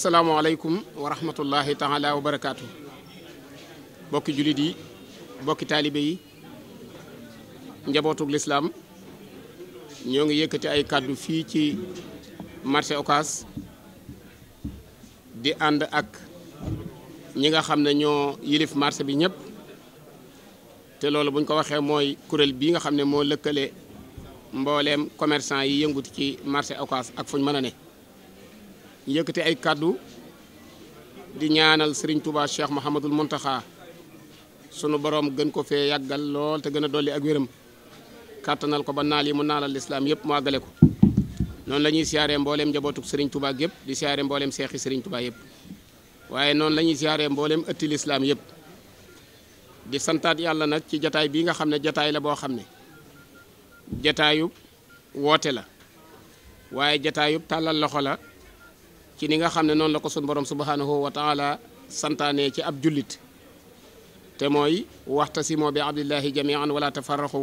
asalaamaaleykum wa rahmatullahi taala wa barakaatu bokki jullit yi bokki taalibe yi njabootug lislaam ñoo ngi yëkkati ay kàddu fii ci marché Ocass di ànd ak ñi nga xam ne ñoo yilif marché bi ñëpp te loolu buñ ko waxee mooy kuréel bii nga xam ne moo lëkkale mbooleem commerçant yi yëngut ci marché Ocass ak fuñ mën a ne ñu yëkkati ay kàddu di ñaanal Serigne Touba Cheikh Mouhamadul Mountakha sunu borom gën ko fee yàggal lool te gën a dolli ak wéram kàttanal ko ba naal yi mu naalal lislaam yëpp mu àggale ko noonu lañuy ñuy siyaaree mbooleem njabootuk Serigne Touba yëpp di siyaaree mbooleem seexi Serigne Touba yëpp waaye noonu la ñuy siyaaree mbooleem yëpp di santaat yàlla nag ci jataay bii nga xam ne jataay la boo xam ne jataayub woote la waaye jataayub tàllal loxo la ci ni nga xam ne noonu la ko sunu borom subhanahu wa taala santaane ci ab jullit te mooy waxtasimoo bi abdillahi jamian wala tafarraxu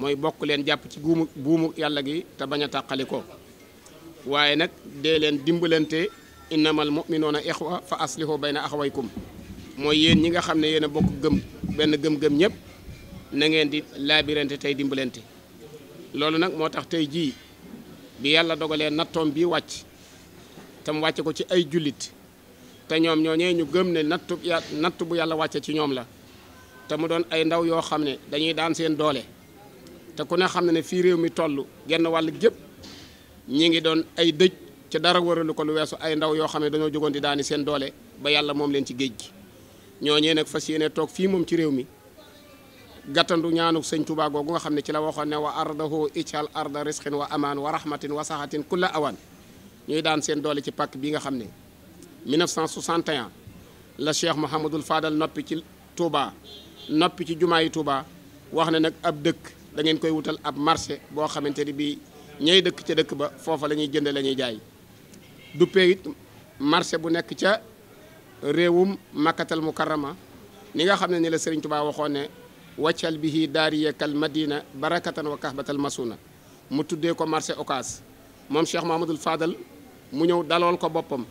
mooy bokk leen jàpp ci guumu buumu yàlla gi te bañ a tàqali ko waaye nag dee leen dimbalante innamal mu'minuuna ixwa fa aslihu bayna axawaykum mooy yéen ñi nga xam ne yéen bokk gëm benn gëm-gëm ñëpp na ngeen di laabirante tey dimbalante loolu nag moo tax tey jii bi yàlla dogalee nattoom bi wàcc te mu wàcce ko ci ay jullit te ñoom ñooñee ñu gëm ne nattu natt bu yàlla wàcce ci ñoom la te mu doon ay ndaw yoo xam ne dañuy daan seen doole te ku ne xam ne ne fii réew mi toll genn wàll jëpp ñi ngi doon ay dëj ci dara waralu ko lu ay ndaw yoo xam ne dañoo jógoon di daani seen doole ba yàlla moom leen ci géej gi ñooñee nag fas yenee toog fii moom ci réew mi gàttandu ñaanu sëñ Tuubaa googu nga xam ne ci la waxoon ne wa ardahu ical arda risqin wa amaan wa rahmatin wa saxatin kulla awan ñuy daan seen doole ci pàkk bi nga xam ne 1961 la Cheikh Mouhamadul Fadal noppi ci Touba noppi ci jumaa yi Touba wax na nag ab dëkk da ngeen koy wutal ab marché boo xamante ni bii ñay dëkk ca dëkk ba foofa la ñuy jënd lañuy ñuy jaay duppee it marché bu nekk ca réewum makkatal mukarrama ni nga xam ne ni la Serigne Touba waxoon ne bi waccal bihi daariyakal madina barakatan wa kahbatal masuna mu tuddee ko marché Ocass moom Cheikh Mouhamadul Fadal mu ñëw dalool ko boppam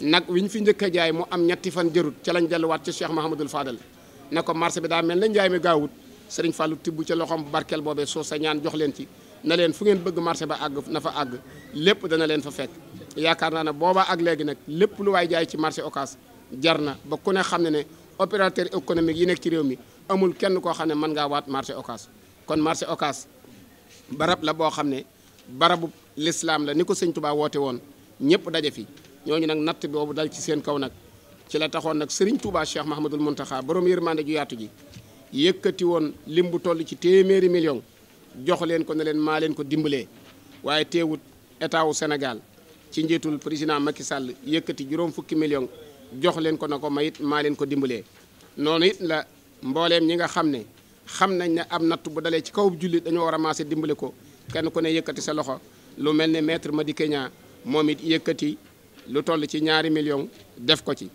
nag wi ñu fi njëkk a jaay mu am ñetti fan jërut ca lañ delluwaat ci Cheikh Mahamadul faadal ne ko marché bi daa mel na njaay mi gaawut sëriñ Fallou tibb ca loxoom barkeel boobee soo sa ñaan jox leen ci na leen fu ngeen bëgg marché ba àgg na fa àgg lépp dana leen fa fekk yaakaar naa ne boobaa ak léegi nag lépp lu waay jaay ci marché Ocass jar na ba ku ne xam ne ne opérateur économique yi nekk ci réew mi amul kenn koo xam ne mën ngaa waat marché Ocass kon marché Ocass barab la boo xam ne barabu lislaam la ni ko sëñ Tuubaa woote woon ñëpp daje fi ñooñu nag natt boobu dal ci seen kaw nag ci la taxoon nag Serigne Touba Cheikh Mahamadul Muntaxa borom yërmande ju yaatu ji yëkkati woon lim bu toll ci téeméeri million jox leen ko na leen maa leen ko dimbalee waaye teewut état wu Sénégal ci njiitul président Macky Sall yëkkati juróom fukki million jox leen ko na ko mayit maa leen ko dimbalee noonu it la mbooleem ñi nga xam ne xam nañ ne am natt bu dalee ci kaw jullit dañoo war a maase dimbale ko kenn ku ne yëkkati sa loxo lu mel ne ma di Niang moom it yëkkati lu toll ci ñaari million def ko ci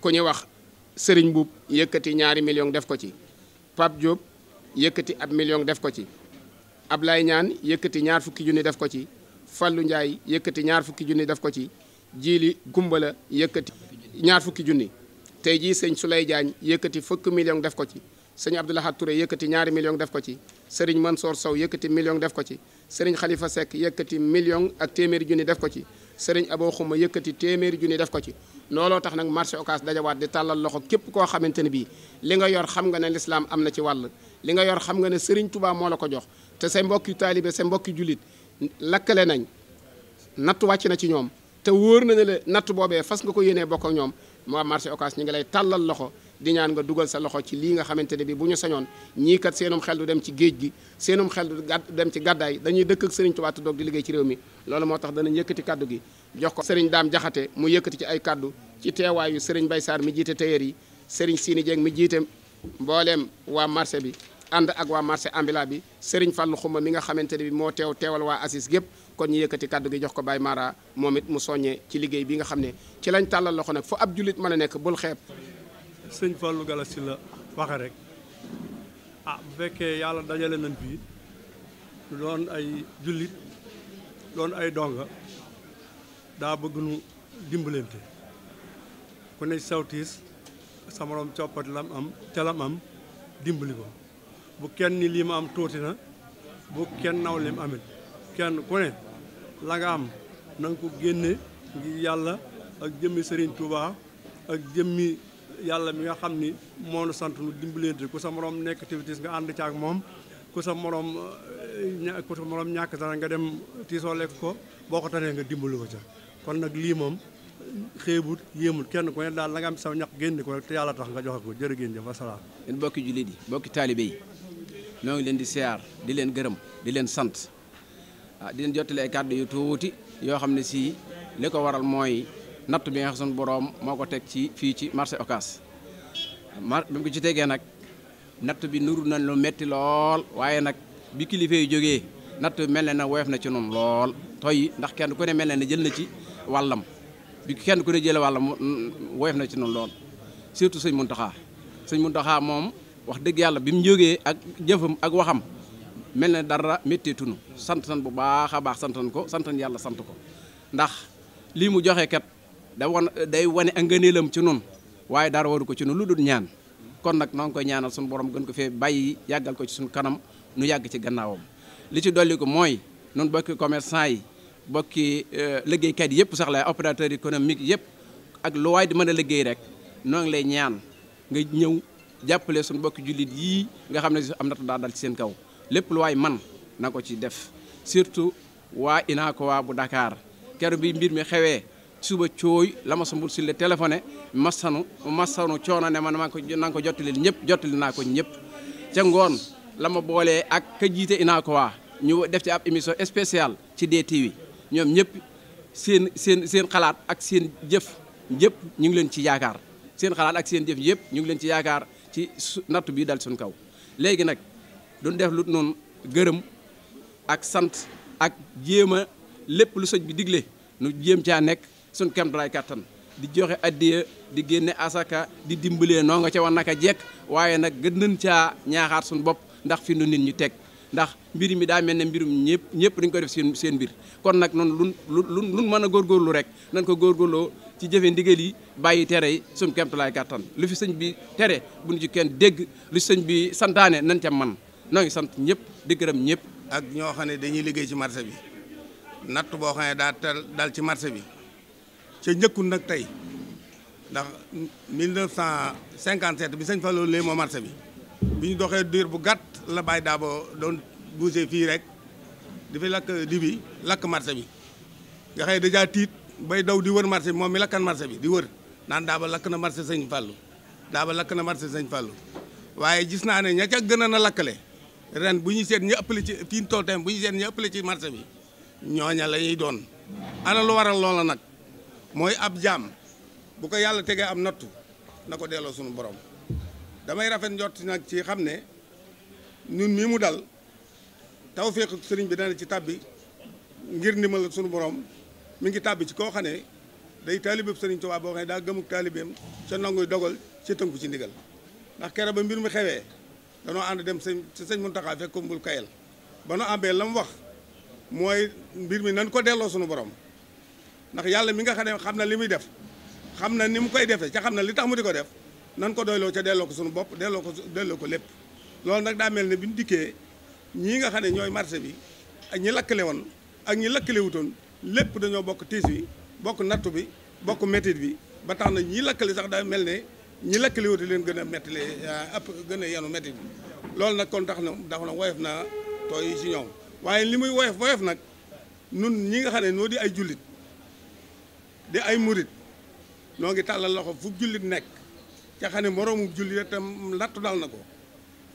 ku ñu wax sëriñ buub yëkkati ñaari million def ko ci Pape Diop yëkkati ab million def ko ci ab Ablaye Ñaan yëkkati ñaar fukki junni def ko ci Fallou Ndiaye yëkkati ñaar fukki junni def ko ci Jili Gumbala yëkkati ñaar fukki junni tey jii sëñ Souley Diagne yëkkati fukk million def ko ci sëñ Abdoulaye Touré yëkkati ñaari million def ko ci Serigne Mansour Sow yëkkati million def ko ci Serigne Khalifa sekk yëkkati million ak téeméeri junni def ko ci Serigne aboo Xuma yëkkati téeméeri junni def ko ci looloo tax nag marché Ocass dajawaat di tàllal loxo képp koo xamante ne bii li nga yor xam nga ne lislaam am na ci wàll li nga yor xam nga ne Serigne tubaab moo la ko jox te say mbokki taalibe say mbokki jullit lakkale nañ natt wàcc na ci ñoom te wóor na ne la natt boobee fas nga ko yéenee bokk ak ñoom moo marché Ocass ñu ngi lay tàllal loxo di ñaan nga dugal sa loxo ci lii nga xamante ne bi bu ñu sañoon ñii kat seenum xel du dem ci géej gi seenum xel du dem ci gàddaay dañuy dëkk ak Serigne doog di liggéey ci réew mi loolu moo tax danañ yëkkati kàddu gi jox ko Serigne Daam Jaxate mu yëkkati ci ay kaddu ci teewaayu Serigne Bay Sarr mi jiite tailleur yi Serigne Sini Dieng mi jiite mbooleem waa marché bi ànd ak waa marché ambila bi Serigne Fallou Xuma mi nga xamante ne bi moo teew teewal waa ASIS gépp kon ñu yëkkati kàddu gi jox ko Baye maara moom it mu soññee ci liggéey bi nga xam ne ci lañ tàllal loxo nag fu ab jullit mën a nekk bul xeeb sëñ Fallou Galass si la waxe rek ah bu fekkee yàlla dajale nañ fii ñu doon ay jullit doon ay donga daa bëgg nu dimbalante ku ne sawtiis sa coppati lam am ca lam am dimbali ko bu kenn ni lii am tuuti na bu kenn naw lim amit kenn ku ne la nga am na nga génne ngir yàlla ak jëmmi Serigne Touba ak jëmmi yàlla mi nga xam ni moo nu sant nu dimbalante ku sa moroom nekk tiis nga ànd caag moom ku sa moroom ku sa morom ñàkk dara nga dem tiisoo lekk ko boo ko tanee nga dimbalu ko ca kon nag lii moom xeebut yéemut kenn ko ne daal la nga am sa ñax génn ko te yàlla tax nga joxe ko jërë ngeen jëf asalaam yéen bokki jullit yi bokki taalibe yi ñoo ngi leen di siyaar di leen gërëm di leen sant ah di leen jottali ay kàddu yu tuuti yoo xam ne sii li ko waral mooy nattu bi nga xam boroom moo ko teg ci fii ci marché Ocass mar bi mu ko ci tegee nag natt bi nuru na lu metti lool waaye nag bi kilifa yi jógee natt bi mel ne na woyof na ci noonu lool toy ndax kenn ku ne mel ne ne jël na ci wàllam bi kenn ku ne jëlee wàllam woyof na ci noonu lool surtout sëñ mun Muntaxa sëñ Muntaxa moom wax dëgg yàlla bi mu jógee ak jëfam ak waxam mel na dara méttee tunu sant nan bu baax a baax sant nan ko sant nan yàlla sant ko ndax lii mu da wan day wane ak ngëneelam ci nun waaye dara waru ko ci nun lu dul ñaan kon nag noo ngi koy ñaanal suñu borom gën ko fee bàyyi yàggal ko ci suñu kanam nu yàgg ci gannaawam li ci dolli ko mooy nun bokki commerçant yi bokki euh, liggéeykat yëpp sax la opérateur économique yëpp ak lu waay di mën a liggéey rek noo ngi lay ñaan nga ñëw jàppale suñu bokki jullit yii nga xam ne am natu daa dal ci seen kaw lépp lu waay man na ko ci def surtout waa inaa ko waa bu Dakar keroog bi mbir mi xewee suba cooy la ma sambul si le téléphoné massanu masanu coono ne ma na ko na nga ko jottali ñëpp jottali naa ko ñëpp ca ngoon la ma boolee ak ka jiite waa ñu def ci ab émission spéciale ci DTV ñoom ñëpp seen seen seen xalaat ak seen jëf yëpp ñu ngi leen ci yaakaar seen xalaat ak seen jëf yëpp ñu ngi leen ci yaakaar ci nattu bii dal suñu kaw léegi nag duñ def lu noonu gërëm ak sant ak jéem a lépp lu sëñ bi digle nu jéem caa nekk suñ kem dalay kàttan di joxe addiya di génne asaka di dimbalee noo nga ca wax naka jekk waaye nag gën nañ caa ñaaxaat suñu bopp ndax fi nu nit ñu teg ndax mbir mi daa mel ne mbirum ñëpp ñëpp dañ ko def seen seen mbir kon nag noonu lu lu lun mën góor góorlu rek nañ ko góor góorloo ci jëfe ndigal yi bàyyi tere yi suñ kemtalaay kàttan lu fi sëñ bi tere bu ñu ci dégg lu sëñ bi santaane nañ ca man noo ngi sant ñëpp di gërëm ñëpp ak ñoo xam ne dañuy liggéey ci marché bi natt boo xam ne daa ci marché bi ca njëkkul nag tey ndax 1957 bi sëñ Fallou lee moo marché bi bu ñu doxee diir bu gàtt la Baye Dabo doon bougé fii rek dafay lakk di bi lakk marse bi nga xëy dèjà tiit bay daw di wër marché bi moom mi lakkan marché bi di wër naan Dabo lakk na marché sëñ Fallou Dabo lakk na marché sëñ Fallou waaye gis naa ne ña ca gën a na lakkale ren bu ñu seet ñu ëppale ci fii mu toll tamit bu ñuy seet ñu ëppale ci marché bi ñooña la ñuy doon ana lu waral loola nag. mooy ab jaam bu ko yàlla tegee am nattu na ko delloo sunu borom damay rafet njort nag ci xam ne nun mii mu dal tawféex sëriñ bi dana ci tàbbi ngir ndimbal sunu borom mu ngi tàbbi ci koo xam ne day taalibeeb sëriñ Tuubaa boo xam ne daa gëmuk taalibeem ca nanguy dogal ci tënku ci ndigal ndax kere ba mbir mi xewee danoo ànd dem sëñ ci sëñ Muntaxa fekk mbul kayel ba nu àmbee la mu wax mooy mbir mi nan ko delloo sunu boroom ndax yàlla mi nga xam ne xam na li muy def xam na ni mu koy defee ca xam na li tax mu di ko def nan ko doyloo ca delloo ko suñu bopp delloo ko delloo ko lépp loolu nag daa mel ne bi ñu dikkee ñii nga xam ne ñooy marché bi ak ñi lakkale woon ak ñi lakkale wutoon lépp dañoo bokk tiis bi bokk nattu bi bokk métit bi ba tax na ñii lakkale sax daa mel ne ñi lakkale wuti leen gën a méttile ëpp gën a yenu métit bi loolu nag kon tax na daf na woyof na tooy ci ñow waaye li muy woyof woyof nag nun ñi nga xam ne noo di ay jullit di ay murit noo ngi tàllal loxo fu jullit nekk ca xam ne moroomu jullit itam nattu dal na ko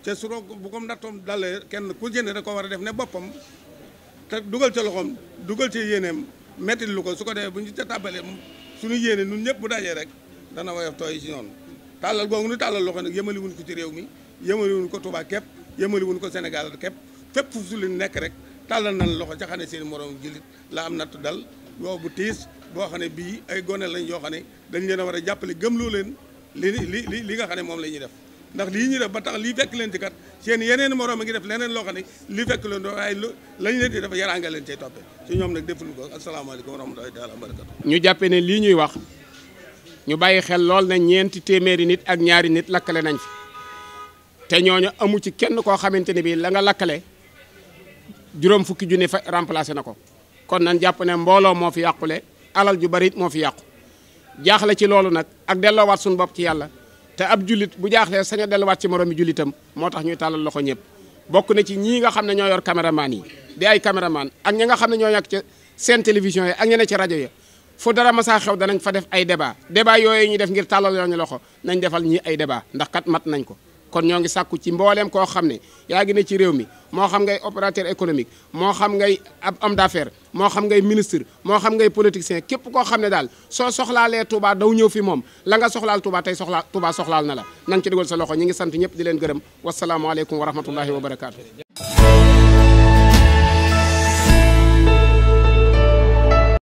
ca su bu ko nattoom dalee kenn ku jënd da ko war a def ne boppam te dugal ca loxoom dugal ca yéeneem mettit lu ko su ko defee bu ñu ca tàbbalee suñu yéene nun ñëpp bu dajee rek dana woyof tooy ci tàllal googu nu tàllal loxo nag yëmali wuñ ko ci réew mi yëmali ko Touba képp yëmali ko Sénégal képp fépp fu su nekk rek tàllal nan loxo ca xam ne seen moroom jullit la am nattu dal yoo bu tiis boo xam ne bii ay gone lañ yoo xam dañu dañ leen a war a jàppale gëmloo leen li li li nga xam ne moom la ñuy def ndax lii ñuy def ba tax lii fekk leen ci kat seen yeneen moroom a ngi def leneen loo xam ne lii fekk leen doo waaye lañ leen di def yaraanga leen cay toppee ñoom nag deful ko asalaamaaleykum wa rahmatullahi taala wa barakatu ñu jàppee ne lii ñuy wax ñu bàyyi xel lool na ñeenti téeméeri nit ak ñaari nit lakkale nañ fi te ñooñu amu ci kenn koo xamante ne bii la nga lakkale juróom fukki junne fa remplacé na ko kon nan jàpp ne mbooloo moo fi yàqule alal ju bari moo fi yàqu jaaxle ci loolu nag ak delloowaat suñu bopp ci yàlla te ab jullit bu jaaxlee sañ delluwaat ci moroomi jullitam moo tax ñuy tàllal loxo ñëpp bokk na ci ñii nga xam ne ñoo yor caméraman yi di ay caméraman ak ñi nga xam ne ñoo nekk ca seen télévision yi ak ñene ci rajo ya fu dara masaa xew danañ fa def ay débat débat yooyu ñuy def ngir tàllal yoon ñu loxo nañ defal ñii ay débat ndax kat mat nañ ko kon ñoo ngi sàkku ci mbooleem koo xam ne yaa ngi ne ci réew mi moo xam ngay opérateur économique moo xam ngay ab homme d'affaires moo xam ngay ministre moo xam ngay politicien képp koo xam ne daal soo soxlaalee Touba daw ñëw fi moom la nga soxlaal Touba tey soxlaa Touba soxlaal na la nan nga ci dugal sa loxo ñi ngi sant ñëpp di leen gërëm wasalaamualeykum wa rahmatullahi wa barakaatu.